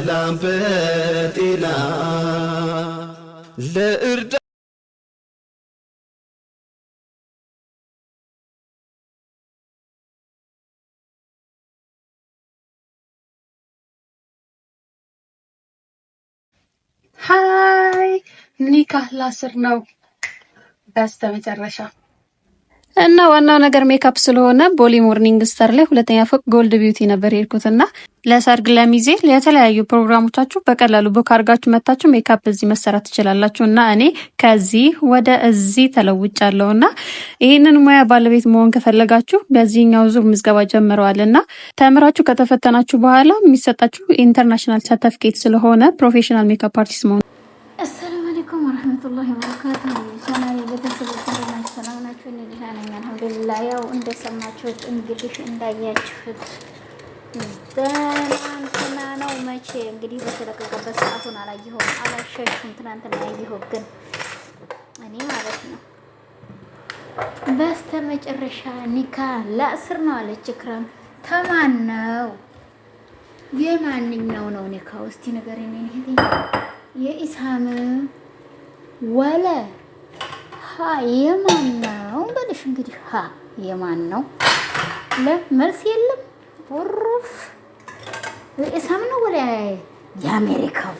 በሰላም በጤና ለእርዳ ሀይ ኒካህ ላስር ነው በስተመጨረሻ እና ዋናው ነገር ሜካፕ ስለሆነ ቦሊ ሞርኒንግ ስታር ላይ ሁለተኛ ፎቅ ጎልድ ቢዩቲ ነበር የሄድኩት እና ለሰርግ፣ ለሚዜ፣ ለተለያዩ ፕሮግራሞቻችሁ በቀላሉ ቡክ አድርጋችሁ መታችሁ ሜካፕ እዚህ መሰራት ትችላላችሁ። እና እኔ ከዚህ ወደ እዚህ ተለውጫለሁ እና ይህንን ሙያ ባለቤት መሆን ከፈለጋችሁ በዚህኛው ዙር ምዝገባ ጀምረዋል እና ተምራችሁ ከተፈተናችሁ በኋላ የሚሰጣችሁ ኢንተርናሽናል ሰርተፍኬት ስለሆነ ፕሮፌሽናል ሜካፕ አርቲስት መሆን። አሰላሙ አለይኩም ወረህመቱላሂ ወበረካቱህ ያላችሁት እንግዲህ እንዳያችሁት ትናንትና ነው መቼ እንግዲህ በተለቀቀበት ሰዓቱን አላየሁም፣ አላሸሹም። ትናንትና ያየሁት ግን እኔ ማለት ነው። በስተ መጨረሻ ኒካ ለአስር ነው አለች ክረም። ተማን ነው የማንኛው ነው ኒካ? እስቲ ንገረኝ። ይሄ የኢሳም ወለ ሀ የማን ነው በልሽ እንግዲህ ሀ የማን ነው? ለመልስ የለም። ወሩፍ እሳም ነው ወደ የአሜሪካው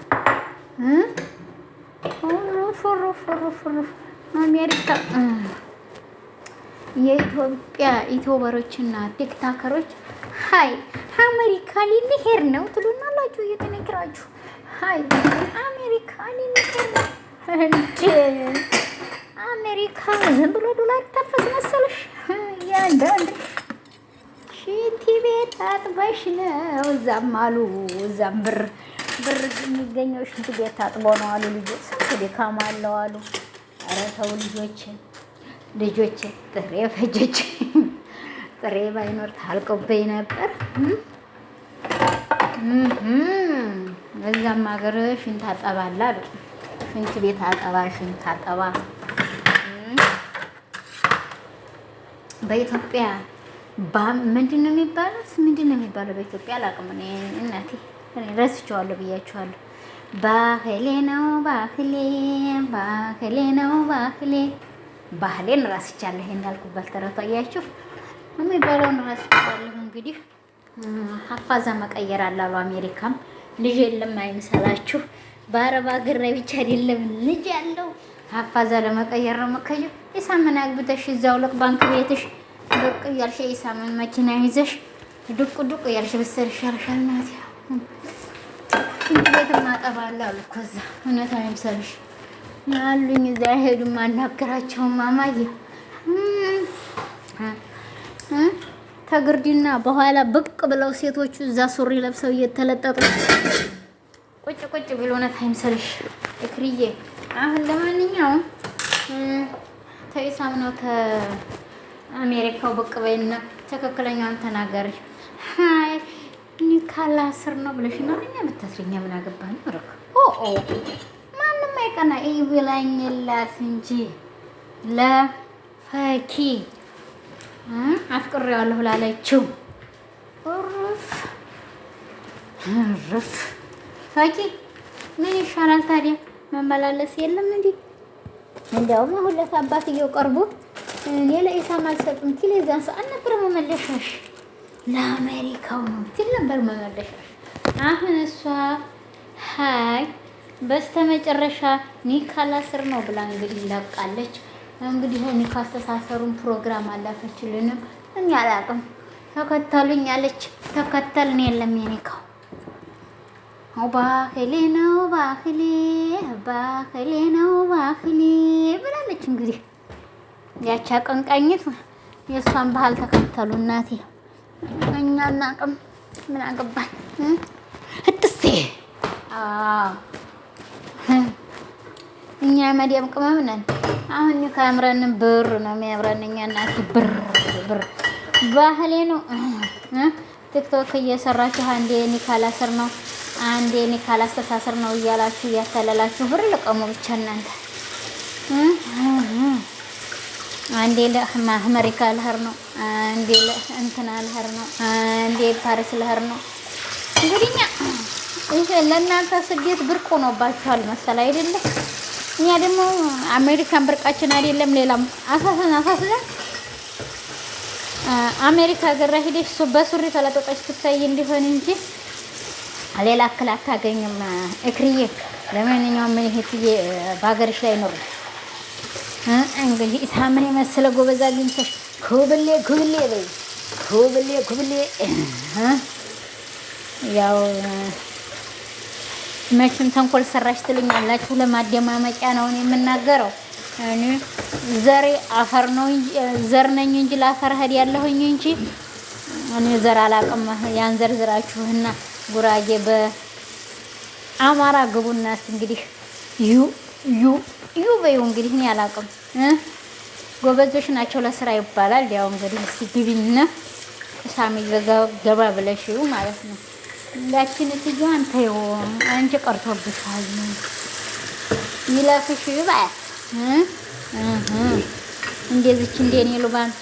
አሜሪካ የኢትዮጵያ ኢትዮበሮችና ቲክታከሮች ሀይ አሜሪካ ልንሄድ ነው ትሉና አላችሁ እየተነግራችሁ ሀይ አሜሪካ ልንሄድ ነው እንዴ? አሜሪካ ዝም ብሎ ዶላር ታፈስ መሰለሽ? ያንዳንድ ሽቲ ቤት አጥበሽ ነው እዛም አሉ እዛም ብር ብር የሚገኘው ሽንት ቤት ታጥቦ ነው አሉ። ልጆች ስንት ድካም አለው አሉ። ኧረ ተው ልጆች ልጆች ጥሬ ፈጀች ጥሬ ባይኖር ታልቀበኝ ነበር። እዛም ሀገር ሽንት አጠባላ አሉ። ሽንት ቤት አጠባ ሽንት አጠባ በኢትዮጵያ ምንድን ነው የሚባለው? ምንድን ነው የሚባለው? በኢትዮጵያ አላውቅም እኔ እናቴ ረስቼዋለሁ ብያችኋለሁ። ባህሌ ነው ባህሌ ባህሌ ነው ባህሌ ባህሌን ራስቻለሁ እንዳልኩበት ተረቷ እያችሁ የሚባለውን ራስቻለሁ። እንግዲህ ሀፋዛ መቀየር አላሉ አሜሪካም ልጅ የለም አይምሰላችሁ። በአረብ ሀገር ላይ ብቻ አይደለም ልጅ ያለው ሀፋዛ ለመቀየር ነው መከየው የሳምን አግብተሽ እዛው ለቅ ባንክ ቤትሽ ዱቅ እያልሽ የኢሳምን መኪና ይዘሽ ዱቅ ዱቅ እያልሽ ብትሰሪ ይሻልሻል ናት። ቤት ማጠባለ አሉ እኮ እዛ እውነት አይምሰልሽ አሉኝ። እዛ አይሄዱም አናግራቸውም። ማማዬ ተግርዲና በኋላ ብቅ ብለው ሴቶቹ እዛ ሱሪ ለብሰው እየተለጠጡ ቁጭ ቁጭ ቢል እውነት አይምሰልሽ እክርዬ። አሁን ለማንኛውም ተኢሳም ነው አሜሪካው ብቅ በይና ትክክለኛውን ተናገሪ። ሀይ እኔ ነው ብለሽ ነው ብለሽና እኛ ብታስረኛ ምን አገባን? ረክ ማንም አይቀና እይ ይብላኝላት እንጂ ለፈኪ አፍቅሬዋለሁ ላለችው ርፍ ርፍ ፈኪ ምን ይሻላል ታዲያ መመላለስ የለም እንዴ? እንደውም ሁለት ለታ አባትየው ቀርቦ ሌላ ኢሳም አልሰጥም ትል የዛን ሰዓት ነበር መመለሻሽ ለአሜሪካው ነው ትል ነበር መመለሻሽ። አሁን እሷ ሀይ በስተመጨረሻ ኒካ ላስር ነው ብላ እንግዲህ ለቃለች። እንግዲህ ኒካ አስተሳሰሩን ፕሮግራም አላፈችልንም። እኛ አላቅም ተከተሉኝ አለች። ተከተልን የለም የኒካው ባክሌ ነው ባክሌ ባክሌ ነው ባክሌ ብላለች እንግዲህ ያቺ አቀንቃኝት የእሷን ባህል ተከተሉ። እናቴ እኛ እናቅም ምን አገባን? እጥሴ እኛ መዲያም ቅመም ነን። አሁን ካምረን ብር ነው የሚያምረን። እኛ እናቴ ብር ብር ባህሌ ነው። ቲክቶክ እየሰራችሁ አንዴ ኒካላ ካላስር ነው አንዴ እኔ ካላስተሳስር ነው እያላችሁ እያታለላችሁ ብር ልቀሙ ብቻ እናንተ አንዴ ለአሜሪካ ልሄድ ነው፣ አንዴ እንትና ልሄድ ነው፣ አንዴ ፓሪስ ልሄድ ነው። እንግዲህ እኛ ለእናንተ ስደት ብርቅ ሆኖባችኋል መሰል አይደለ? እኛ ደግሞ አሜሪካን ብርቃችን አይደለም፣ ሌላም አሳስን አሳስን አሜሪካ ገራ ላይ ሄደሽ በሱሪ ተለጠጠች ትታይ እንዲሆን እንጂ ሌላ እክል አታገኝም። እክርዬ ለማንኛውም ምን ይሄ በሀገርሽ ላይ ኖር እንግዲህ ኢሳምን የመሰለ ጎበዝ አግኝተሽ ኩብሌ ኩብሌ በይ ኩብሌ ኩብሌ። ያው መቼም ተንኮል ሰራሽ ትልኛላችሁ። ለማደማመቂያ ነው እኔ የምናገረው። እኔ ዘሬ አፈር ነው ዘር ነኝ እንጂ ለአፈር ሄድ ያለሁኝ እንጂ እኔ ዘር አላቅም። ያንዘርዝራችሁና ጉራጌ በአማራ ግቡናስ እንግዲህ ዩ ዩ ዩ በይው እንግዲህ እኔ አላውቅም። ጎበዞች ናቸው ለስራ ይባላል። ያው እንግዲህ እስቲ ግቢና ሳሚ ገባ ብለሽ ማለት ነው። ሁላችን እትዬ አንተ ይኸው አንቺ ቀርቶብሻል ይለፍሽ ይባያል። እንደዚች እንደኔ ሉባን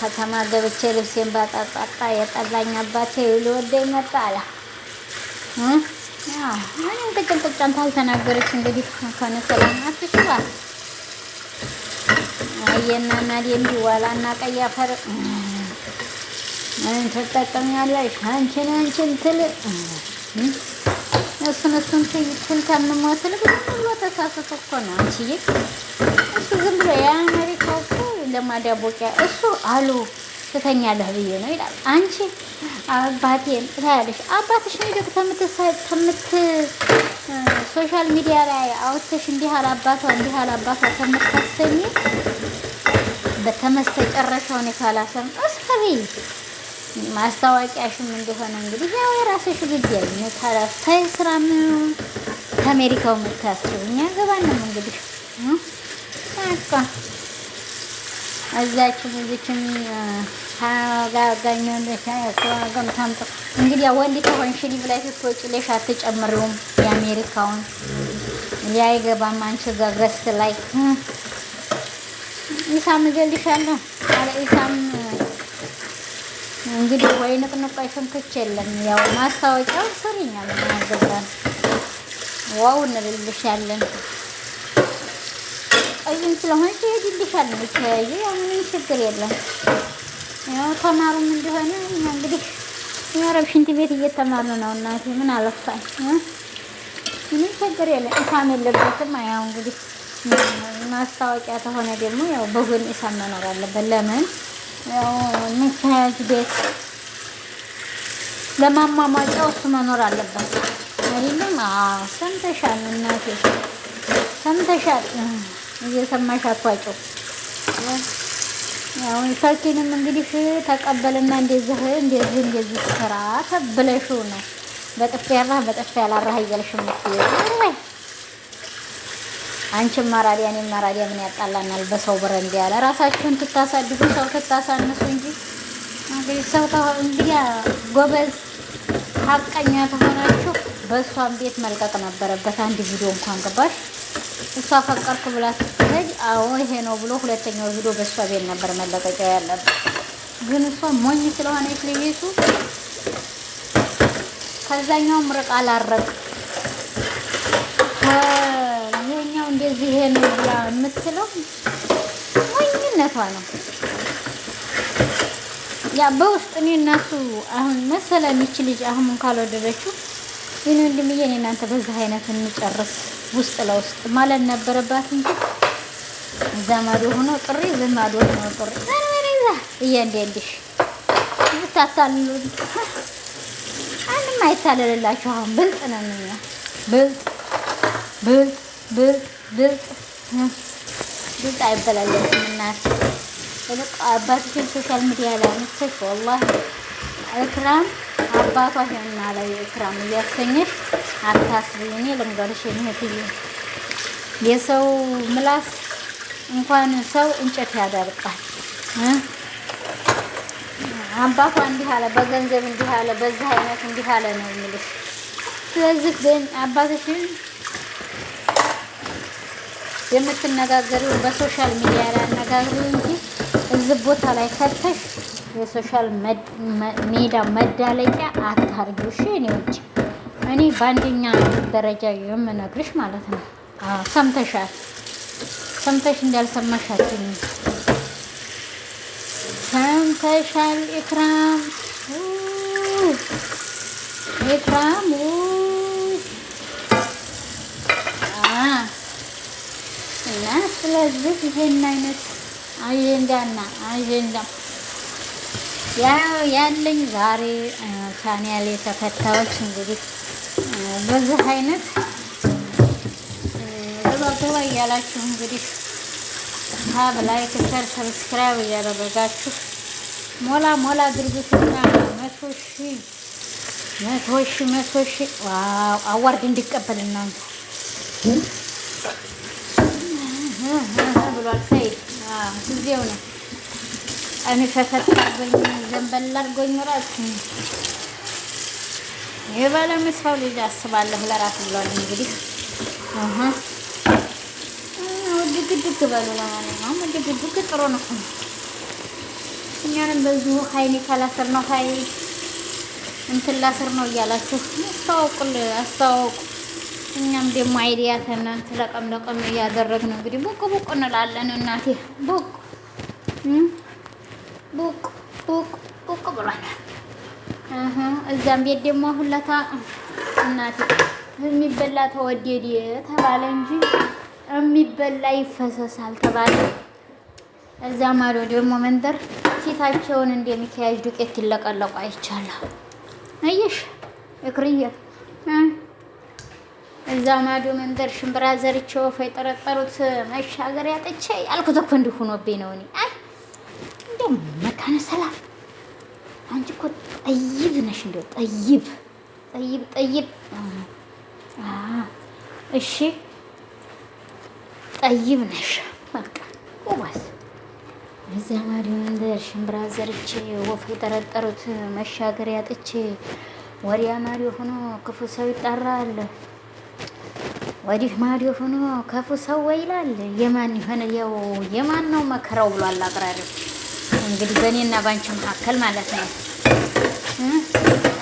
ከተማ ገብቼ ልብሴን ባጣጣጣ የጠላኝ አባቴ ሊወደኝ መጣ አለ ምንም ቅጭን ቁጫም ታልተናገረች እንግዲህ ከሆነ ሰላም አትሽባ አየና ናድ የሚዋላ እና ቀይ አፈር ምን ትጠቀሚያለሽ? አንቺን አንቺን ትል እሱን እሱን ትል ከምሞትል ብሎ ተሳስቶ እኮ ነው አንቺዬ። እሱ ዝም ብሎ የአሜሪካ እኮ ለማዳቦቂያ እሱ አሉ ትተኛለህ ብዬ ነው ይላል። አንቺ አባቴን ታያለሽ። አባትሽ እንደ ከምት ሶሻል ሚዲያ ላይ አውጥተሽ እንዲህ አባቷ እንዲህ አባቷ ከምታሰኝ በተመስተጨረሻው ነው ካላሰም እስከሪ ማስታወቂያሽም እንደሆነ እንግዲህ ያው የራስሽ ጉዳይ ነው። ታላስ ታይ ስራ ምን ከአሜሪካው መታስሩ እኛ ገባንም እንግዲህ አቃ እዛችን እዚችን ታጋጋኛለሽ ያቆራገም እንግዲህ ያው ወንድ ብላይ ስትወጪ ለሽ አትጨምሪውም። የአሜሪካውን ሊያይገባም አንቺ ላይ ኢሳም እገልሻለሁ አለ ኢሳም። እንግዲህ ወይ የለም ያው ማስታወቂያው ስሪኛል ዋው እንልልሻለን። ቀይም ስለሆነ ይሄድልሻል። ብትያዩ ምንም ችግር የለም። ተማሩም እንደሆነ እንግዲህ የአረብ ሽንት ቤት እየተማሩ ነው። እናቴ ምን አለፋኝ፣ ምንም ችግር የለም። ኢሳም የለበትም። ያው እንግዲህ ማስታወቂያ ተሆነ ደግሞ ያው በጎን ኢሳም መኖር አለበት። ለምን ያው መተያጅ ቤት ለማሟሟጫው እሱ መኖር አለበት አይደለም? ሰምተሻል እናቴ ሰምተሻል። እየሰማሽ አቷጭው። አሁን ፈኪንም እንግዲህ ተቀበልና እንደዚህ እንደዚህ እንደዚህ ስራ ተብለሽው ነው በጥፍ ያራህ በጥፍ ያላራህ እያልሽ የምትይው አንቺም ማራዲያ እኔም ማራዲያ ምን ያጣላናል? በሰው ብረንድ ያለ ራሳችሁን ትታሳድጉ ሰው ትታሳንሱ እንጂ እንግዲህ ሰው እንግዲህ ጎበዝ ሀቀኛ ተሆናችሁ በእሷን ቤት መልቀቅ ነበረበት። አንድ ቪዲዮ እንኳን ገባሽ እሷ ፈቀርኩ ብላ ስትሄድ አዎ ይሄ ነው ብሎ ሁለተኛው ቪዲዮ በእሷ ቤት ነበር መለቀቂያ ያለበት። ግን እሷ ሞኝ ስለሆነች ልቤቱ ከዛኛውም ርቃ አላረቅ ይሄኛው እንደዚህ ይሄ ነው ብላ የምትለው ሞኝነቷ ነው። ያ በውስጥ እኔ እነሱ አሁን መሰለ የሚችል ልጅ አሁን ካልወደደችው ይህን ወንድምዬ እኔ እናንተ በዚህ አይነት እንጨርስ ውስጥ ለውስጥ ማለት ነበረባት እንጂ ዘማዶ ሆኖ ጥሪ ዘማዶ ሆኖ ጥሪ እያንዳንድሽ ብታታልሉ አንም አይታለልላችሁ። አሁን ብልጥ ነው እኛ ብልጥ ብልጥ ብልጥ ብልጥ ብልጥ አይበላለችም እናት በቃ አባትሽን ሶሻል ሚዲያ ላይ ምትሽ ወላሂ አክራም አባቷ ሄና ላይ ክራም እያሰኘሽ አታስቢ። እኔ ልንገርሽ እህትዬ፣ የሰው ምላስ እንኳን ሰው እንጨት ያደርቃል። አባቷ እንዲህ አለ፣ በገንዘብ እንዲህ አለ፣ በዚህ አይነት እንዲህ አለ ነው የሚልሽ። ስለዚህ ግን አባትሽን የምትነጋገሪው በሶሻል ሚዲያ ላይ አነጋግሪው እንጂ እዚህ ቦታ ላይ ከተሽ የሶሻል ሜዳ መዳለቂያ አታርጊው። እሺ እኔ በአንደኛ ደረጃ የምነግርሽ ማለት ነው። ሰምተሻል፣ ሰምተሽ እንዳልሰማሻት ሰምተሻል። ኤክራም ኤክራም እና ስለዚህ ይሄን አይነት አጀንዳና አጀንዳ ያው ያለኝ ዛሬ ቻኔል ተከታዮች እንግዲህ በዚህ አይነት ገባገባ እያላችሁ እንግዲህ ሀብ ላይክ፣ ሸር፣ ሰብስክራይብ እያደረጋችሁ ሞላ ሞላ ድርጊትና መቶ ሺ መቶ ሺ መቶ ሺ ዋው አዋርድ እንዲቀበል እናንተ ብሏል። ሰይድ ጊዜው ነው። እኔ ሸሸታርጎኝ ዘንበል አድርጎኝ ራሱ የባለምን ሰው ልጅ አስባለሁ ለራሱ ብሏል። እንግዲህ ውድግድግ በሉ። ለማንኛውም ውድግድግ ጥሩ ነው። እኛንም በዚሁ ሀይኔ ካላስር ነው ሀይ እንትን ላስር ነው እያላችሁ አስተዋውቁል አስተዋውቁ። እኛም ደግሞ አይዲያ ተናንት ለቀም ለቀም እያደረግን እንግዲህ ቡቅ ቡቅ እንላለን። እናቴ ቡቅ ቡቅ ቡቅ ቡቅ ብሏል። እዛም ቤት ደግሞ ሁለታ እናቴ የሚበላ ተወደድ ተባለ እንጂ የሚበላ ይፈሰሳል ተባለ። እዛ ማዶ ደግሞ መንደር ፊታቸውን እንደ ሚካያጅ ዱቄት ይለቀለቁ አይቻለሁ። እየሽ እክርዬ እዛ ማዶ መንደር ሽምብራ ዘርቼ ወፍ የጠረጠሩት መሻገር ያጥቼ ያልኩት እኮ እንዲሁ ሆኖብኝ ነው እኔ አይ መካነ ሰላም አንቺ እኮ ጠይብ ነሽ። እንደው ጠይብ ጠይብ ጠይብ። እሺ ጠይብ ነሽ። በቃ ውባስ እዚያ ማዲ መንደር ሽምብራ ዘርቼ ወፍ የጠረጠሩት መሻገር ያጥቼ ወዲያ ማዲ ሆኖ ክፉ ሰው ይጠራል ወዲህ ማዲ ሆኖ ክፉ ሰው ወይላል። የማን ይሆን ያው የማን ነው መከራው ብሏል አቅራሪው። እንግዲህ በእኔና ባንቺ መካከል ማለት ነው።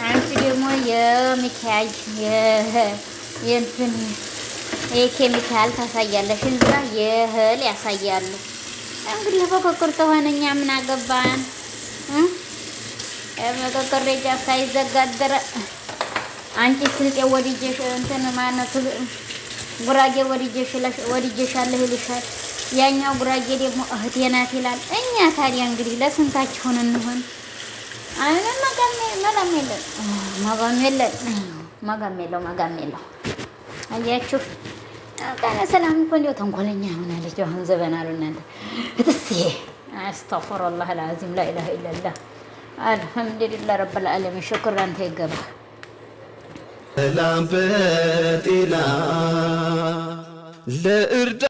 አንቺ ደግሞ የሚካያጅ የእንትን የኬሚካል ታሳያለሽ፣ እዛ የእህል ያሳያሉ። እንግዲህ በቁርቁር ከሆነ እኛ ምን አገባን? በቁርቁር ጃፍ ሳይዘጋደረ አንቺ ስልጤ ወድጄሽ እንትን ማነቱ ጉራጌ ወድጄሽ ወድጄሻለሁ ይልሻል። ያኛው ጉራጌ ደግሞ እህቴ ናት ይላል። እኛ ታዲያ እንግዲህ ለስንታችሁን እንሆን? አይነን መጋም መላም የለን መጋም የለን መጋም የለው መጋም የለው። አያችሁ ቃለ ሰላም እኮ እንዲያው ተንኮለኛ ይሆናለች። አሁን ዘበን አሉ እናንተ እትስ አስተፈረላህ ልአዚም ላኢላህ ኢለላህ አልሐምዱሊላህ ረብል ዓለሚን ሽኩር አንተ ይገባህ ሰላም በጤና ለእርዳ